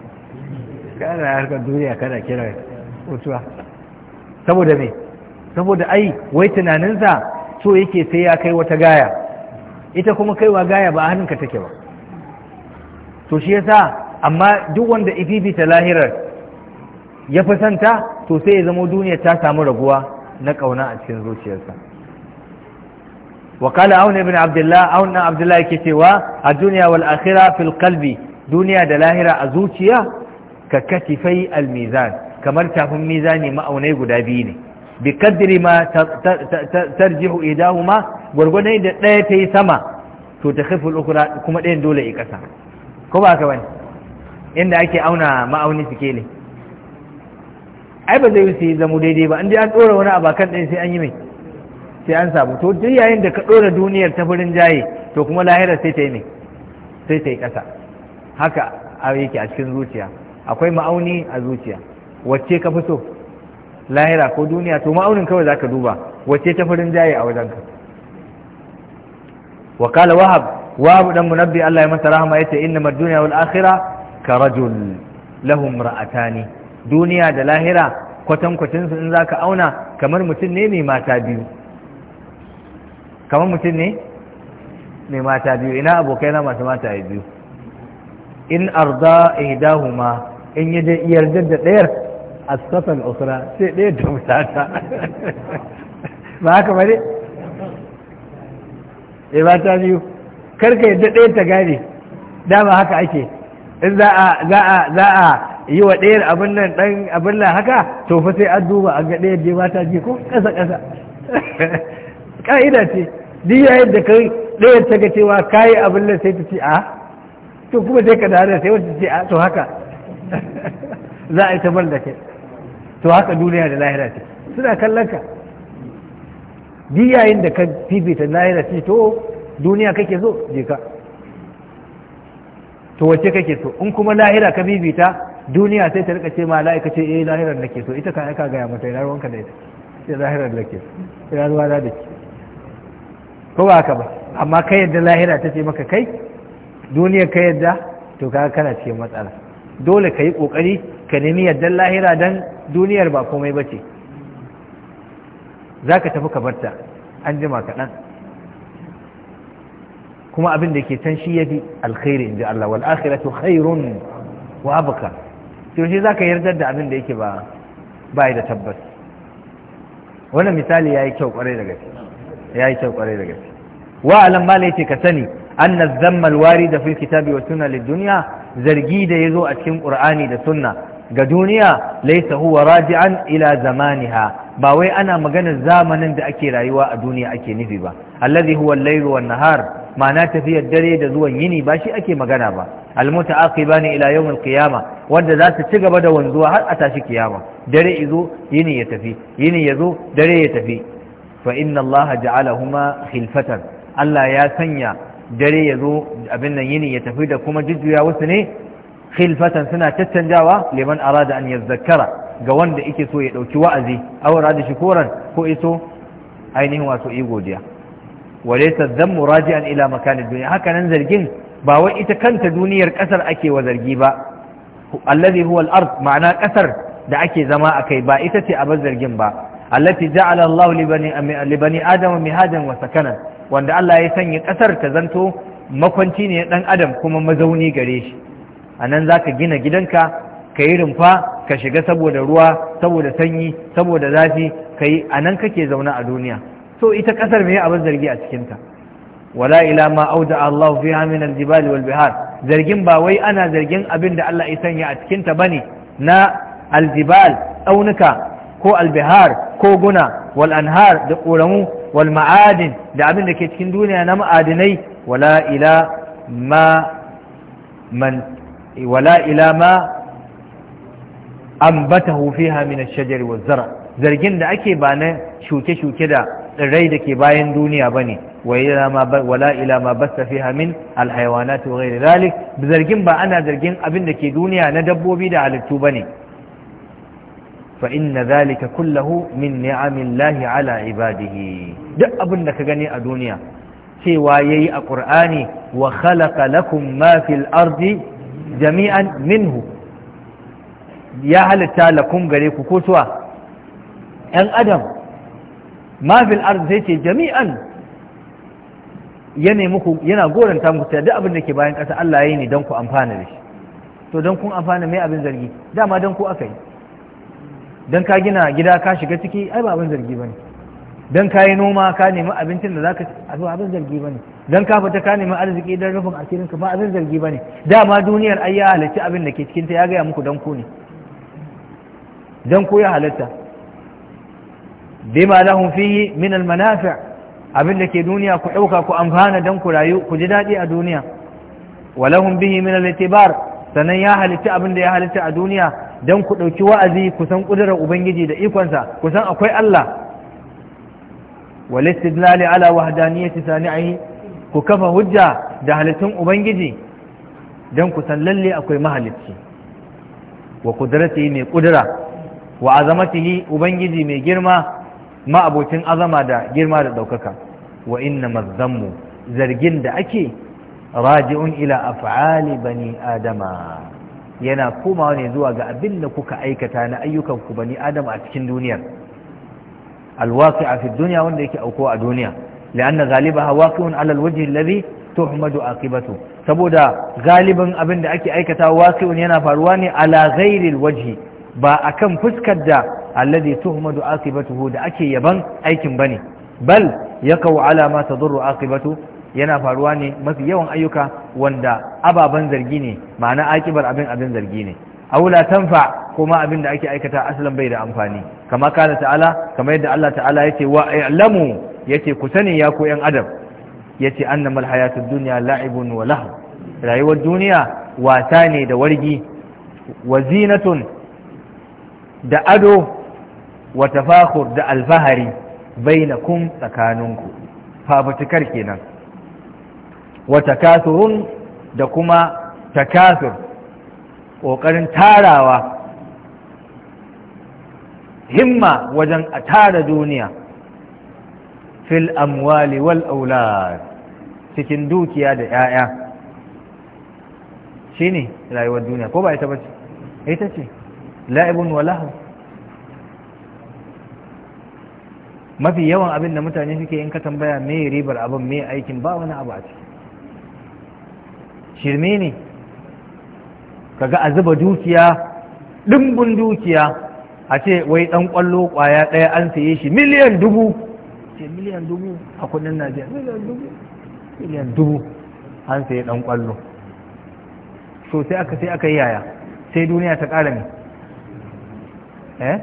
kana harkar duniya kana kira mutuwa saboda me saboda ai wai tunaninsa so yake sai ya kai wata gaya ita kuma kaiwa gaya ba a hannunka take ba to shi yasa amma duk wanda ififita lahirar ya fi santa to sai ya zama duniya ta samu raguwa na kauna a cikin zuciyarsa وقال عون بن عبد الله عون عبد الله كتوا الدنيا والآخرة في القلب دنيا دلاهرة أزوتيا ka katifai almizan kamar tafin mizani ma'aunai guda biyu ne bi kadri ma tarjihu idahuma gwargwadon da ɗaya ta yi sama to ta khiful ukura kuma ɗayan dole ya ƙasa ko ba ka bane inda ake auna ma'auni suke ne ai ba zai yi su yi zamu daidai ba inda an ɗora wani abakan ɗaya sai an yi mai sai an samu to duk yayin da ka ɗora duniyar ta furin jaye to kuma lahira sai ta yi mai sai ta yi ƙasa haka a yake a cikin zuciya akwai ma'auni a zuciya wacce ka fi so lahira ko duniya to ma'aunin kawai za ka duba wacce ta farin jaye a wajenka wa kala wahab wahab dan munabbi Allah ya masa rahama yace inna mad dunya wal akhirah ka rajul lahum ra'atani duniya da lahira kwatan kwatin su in zaka auna kamar mutum ne mai mata biyu kamar mutum ne mai mata biyu ina abokai na masu mata biyu in arda ihdahuma in yi da yarda da ɗayar a safar usra sai ɗaya ta mutata ba haka ba ne e ba ta biyu karka yadda ɗaya ta gane dama haka ake in za a za a yi wa ɗayar abin nan ɗan abin nan haka to fa sai an duba a ga ɗaya da ba ta ko ƙasa ƙasa ƙa'ida ce duk yayin da kai ɗayar ta ga cewa kayi abin nan sai ta ce a to kuma sai ka da sai wata ce a to haka za a yi ta da kai to haka duniya da lahira ce suna kallon ka duk yayin da ka fifita lahira ce to duniya kake so je ka to wace kake so in kuma lahira ka bibita duniya sai ta rika ce ma la'ika ce eh lahirar nake so ita ka aika gaya mata ina ruwanka da ita ce eh, lahirar nake so ina ruwa na da ke ko ba haka ba amma kai yadda lahira ta ce maka kai duniya ka yadda to ka kana cikin matsala dole ka yi ƙoƙari ka nemi yaddan lahira don duniyar ba komai ba ce za ka tafi ka barta an jima kaɗan kuma abin da ke can shi ya alkhairi in ji Allah wal akhiratu khairun wa abqa to shi zaka yarda da abin da yake ba ba da tabbas wannan misali yayi kyau kwarai da gaske yayi kyau kwarai da gaske wa alam ma laiti ka sani anna dhamma alwarid fil kitabi wa sunna dunya zargi da ya zo a cikin ƙur'ani da sunna ga duniya laisa huwa raji'an ila zamaniha ba wai ana maganar zamanin da ake rayuwa a duniya ake nufi ba allazi huwa al-lailu wan nahar ma'ana tafiyar dare da zuwan yini ba shi ake magana ba al-muta'aqibani ila yawm al-qiyama wanda za su ci gaba da wanzuwa har a tashi kiyama dare izo yini ya tafi yini yazo dare ya tafi fa inna allaha ja'alahuma khilfatan Allah ya sanya dare ya zo abin nan yini ya tafi da kuma jujjuya wasu ne khilfatan suna caccanjawa liman arada an yazzakara ga wanda yake so ya dauki wa'azi aw rada shukuran ko iso ainihin wato yi godiya walaysa dhammu an ila makan dunya haka nan zargin ba wai ita kanta duniyar kasar ake wa zargi ba allazi huwa al-ard ma'ana kasar da ake zama akai ba ita ce abin zargin ba allati ja'ala Allahu li bani li bani adama mihadan wa sakanan wanda Allah ya sanya ƙasar ta zanto makwanci ne ɗan adam kuma mazauni gare shi a nan za ka gina gidanka ka yi rumfa ka shiga saboda ruwa saboda sanyi saboda zafi ka yi a nan kake zaune a duniya so ita ƙasar mai abin zargi a cikinta wala ila ma auda Allah fi min al-jibal wal bihar zargin ba wai ana zargin abin da Allah ya sanya a cikinta bane na aljibal tsaunuka ko albihar ko guna wal anhar da ƙoramu wal ma'adin da abin da ke cikin duniya na ma'adinai wala ila ma ambata wala min zargin da ake ba na shuke-shuke da tsirrai da ke bayan duniya bane wala ila ma basta fiha min al-hayawanat wa zargin ba ana zargin abin da ke duniya na dabbobi da halittu bane فإن ذلك كله من نعم الله على عباده duk abin ka gani a duniya cewa yayi a ƙur'ani wa khalaqa lakum ma fil ardi jami'an minhu ya halitta lakum gare ku ko tuwa ɗan adam ma fil ardi zai ce jami'an yana muku yana goranta muku duk abin ke bayan ƙasa Allah yayi ne don ku amfana da to don kun amfana mai abin zargi dama don ku aka yi don ka gina gida ka shiga ciki ai ba abin zargi ba ne don ka yi noma ka nemi abincin da za ka ba abin zargi ba ne don ka fita ka nemi arziki don rufin asirinka ba abin zargi ba ne dama duniyar ai ya halarci abin da ke cikinta ya gaya muku dan ku ne dan ku ya halatta bima lahum fihi min al manafi' abin da ke duniya ku ɗauka ku amfana don ku rayu ku ji daɗi a duniya walahum bihi min al itibar sannan ya halitta abin da ya halitta a duniya don ku ɗauki wa'azi ku san ƙudurar ubangiji da ikonsa ku san akwai Allah walistidlali ala a yi? ku kafa hujja da halittun ubangiji don ku san lalle akwai mahalicci wa ƙudurati mai kudura wa azamatihi ubangiji mai girma ma abokin azama da girma da ɗaukaka. wa inna mazammu zargin da ake raji'un ila af'ali bani adama yana komawa ne zuwa ga abin da kuka aikata na ayyukanku bani adam a cikin duniyar Alwaki a fi duniya wanda yake auko a duniya la'anna ghalibaha waqi'un 'ala alwajhi alladhi tuhmadu aqibatu saboda galibin abin da ake aikata waqi'un yana faruwa ne ala ghairi alwajhi ba akan fuskar da alladhi tuhmadu aqibatuhu da ake yaban aikin bane bal yakau ala ma tadurru aqibatu yana faruwa ne mafi yawan ayyuka wanda ababen zargi ne ma'ana akibar abin abin zargi ne aula tanfa kuma abin da ake aikata asalin bai da amfani kama kana ta'ala kama yadda Allah ta'ala yace wa alamu yace ku sani ya ku yan adam yace annamal hayatud dunya la'ibun wa lahu rayuwar duniya wasa ne da wargi wa zinatun da ado wa tafakhur da alfahari bainakum tsakaninku fafutukar kenan wa takathurun da kuma takathur ƙoƙarin tarawa himma wajen a tara duniya fil amwali wal aulad cikin dukiya da 'ya'ya shine rayuwar duniya ko ba ita ce, ita ce la'ibun walahu mafi yawan abin da mutane suke in ka tambaya me ribar abin me aikin ba wani abu a ciki shirme ne kaga a zuba dukiya ɗimbin dukiya a ce wai ɗan ƙwallo ƙwaya ɗaya an saye shi miliyan dubu ce miliyan dubu a kudin najeriya miliyan dubu miliyan dubu an saye ɗan ƙwallo so sai aka sai aka yi yaya sai duniya ta ƙara ne eh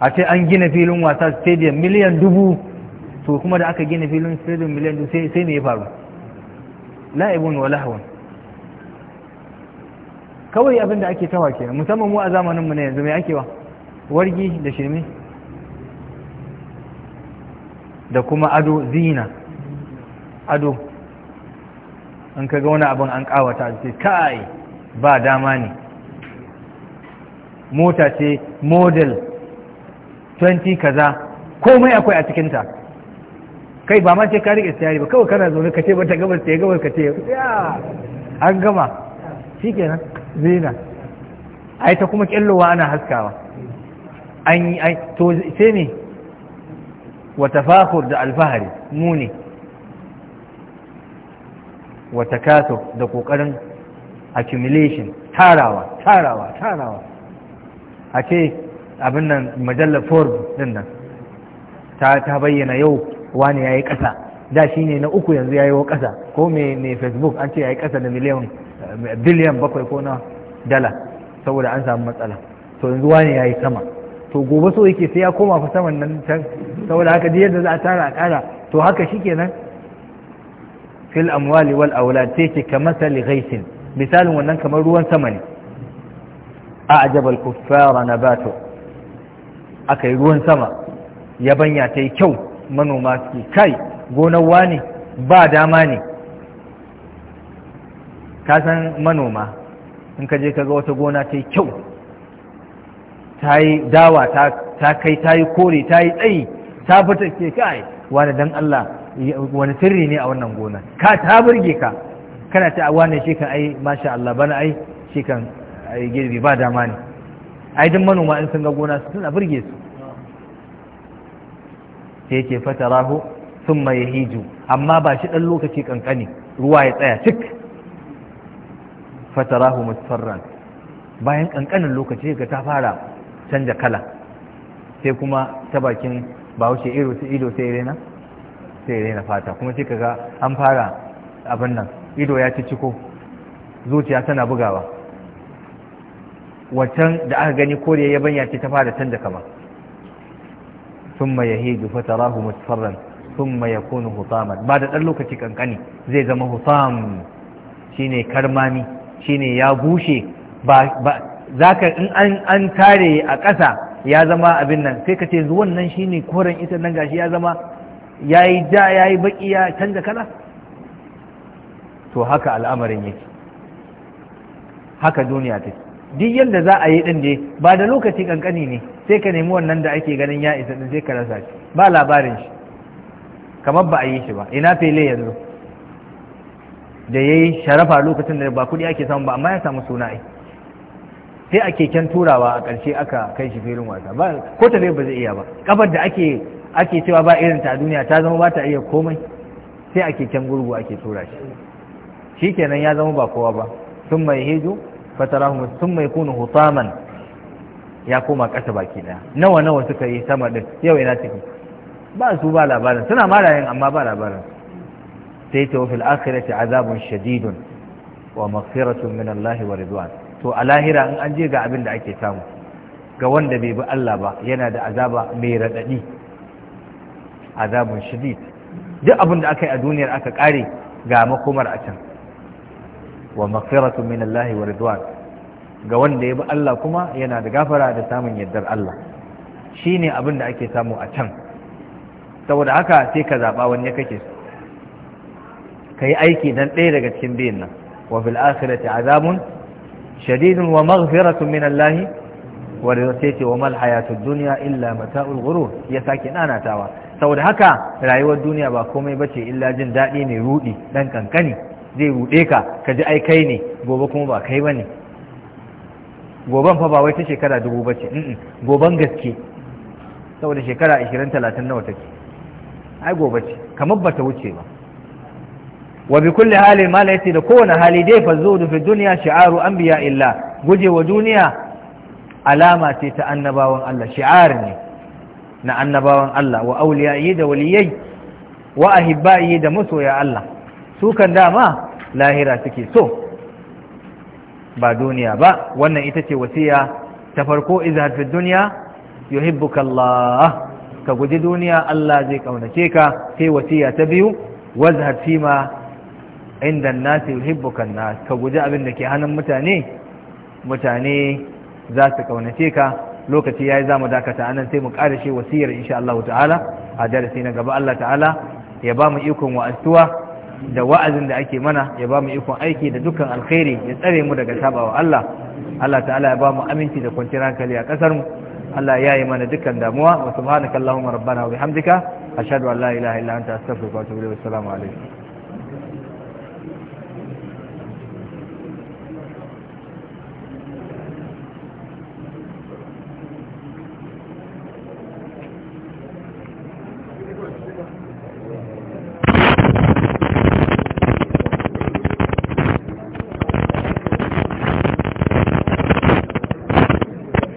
a ce an gina filin wasa stadium miliyan dubu to kuma da aka gina filin stadium miliyan dubu sai me ya faru la'ibun wa lahwan kawai abin da ake tawa kenan musamman mu a zamaninmu na yanzu mai ake wa wargi da shirme da kuma ado zina ado an kaga wani abin an kawata ce kai ba dama ne mota ce model 20 kaza komai akwai a cikinta kai ba ma ce ka rike tsari ba kawai kana zaune ka ce ba ta gabas ta gabas ka ce ya an gama shi kenan zina a ta kuma kyallowa ana haskawa an yi ai to sai ne wata fahur da alfahari muni wata kaso da kokarin accumulation tarawa tarawa tarawa a ce abin nan majalar forbes din nan ta bayyana yau wani ya yi ƙasa da shi ne na uku yanzu ya yi wa ƙasa ko mai facebook an ce ya yi ƙasa da miliyan biliyan bakwai ko na dala saboda an samu matsala to yanzu wani ya yi sama to gobe so yake sai ya koma fa saman nan can saboda haka da yadda za a tara a kara to haka shi kenan fil amwali wal aulad sai ce ka sali gaisin misalin wannan kamar ruwan sama ne kufara na bato. Aka yi ruwan sama yabanya ta yi kyau manoma suke kai gonar wani ba dama ne ka san manoma in ka je ka ga wata gona ta yi kyau ta yi dawa ta kai ta yi kore ta yi tsayi ta fita ke kai wani dan Allah wani sirri ne a wannan gona ka ta burge ka kana ta wani shi kan ai masha Allah bana ai shi kan girbi ba dama ne ai duk manoma in sun ga gona su suna burge su sai yake fatarahu sun mai hiju amma ba shi ɗan lokaci kankani ruwa ya tsaya cik fatarahu musfarran bayan kankanin lokaci ga ta fara canja kala sai kuma ta bakin bahaushe ido sai ido sai rena sai rena fata kuma sai kaga an fara abin nan ido ya ci ciko zuciya tana bugawa Waccan da aka gani koriya ya banya ce ta fara canja kama ثم يهيج فتراه ya ثم يكون Ba da ɗan lokaci kankani zai zama hutam shine karmami Shi ne ya bushe ba zaka in an an tare a ƙasa ya zama abin nan sai ka ce zuwan nan ne koren ita nan gashi ya zama ya yayi ja yi baki ya canza kala to haka al'amarin yake haka duniya ta duk yadda za a yi din ne ba da lokaci kankani ne sai ka nemi wannan da ake ganin ya isa din sai ka rasa shi ba labarin shi kamar ba a yi shi ba ina fele yanzu da ya yi sharafa lokacin da ba kuɗi ake samu ba amma ya samu suna ai sai a keken turawa a ƙarshe aka kai shi filin wasa ba ko ta ba zai iya ba kafar da ake ake cewa ba irin ta duniya ta zama ba ta iya komai sai a keken gurgu ake tura shi kenan ya zama ba kowa ba sun mai hejo fatarahu sun mai kunu hutaman ya koma ƙasa baki ɗaya nawa nawa suka yi sama ɗin yau ina ciki ba su ba labarin suna marayen amma ba labarin sai ta wafil akhirati azabun shadidun wa maghfiratun min Allah wa ridwan to a lahira in an je ga abin da ake samu ga wanda bai bi Allah ba yana da azaba mai radadi azabun shadid duk abin aka yi a duniyar aka kare ga makomar a can wa maghfiratun min Allah wa ridwan ga wanda ya bi Allah kuma yana da gafara da samun yardar Allah shine abin da ake samu a can saboda haka sai ka zaba wanne kake so ka yi aiki dan ɗaya daga cikin biyun nan wa fil akhirati azabun shadidun wa maghfiratun min Allah wa rizqati wa mal hayatud dunya illa mata'ul ghurur ya sake nanatawa saboda haka rayuwar duniya ba komai ba ce illa jin daɗi mai ruɗi ɗan kankani zai ruɗe ka ka ji ai kai ne gobe kuma ba kai bane goban fa ba wai ta shekara dubu bace goban gaske saboda shekara 20 30 nawa take ai gobe ce kamar ba ta wuce ba wa bi kulli hali da kowane hali dai fa duniya fi an biya anbiya illa guje wa duniya alama ce ta annabawan Allah shi'ar ne na annabawan Allah wa auliyayi da waliyai wa ahibba'i da masoya Allah su kan dama lahira suke so ba duniya ba wannan ita ce wasiya ta farko izhar fi dunya yuhibbuka ka guji duniya Allah zai kaunace ka sai wasiya ta biyu wazhar ma. inda nasi yuhibbukan nas ka guji abin da ke hannun mutane mutane za su kaunace ka lokaci yayi za mu dakata anan sai mu shi wasiyar insha Allah ta'ala a darasi na gaba Allah ta'ala ya ba mu ikon da wa'azin da ake mana ya ba mu ikon aiki da dukkan alkhairi ya tsare mu daga sabawa Allah Allah ta'ala ya ba mu aminci da kwanciyar hankali a kasar mu Allah ya yi mana dukkan damuwa wa subhanakallahumma rabbana wa bihamdika ashhadu an la ilaha illa anta astaghfiruka wa atubu ilayk assalamu alaikum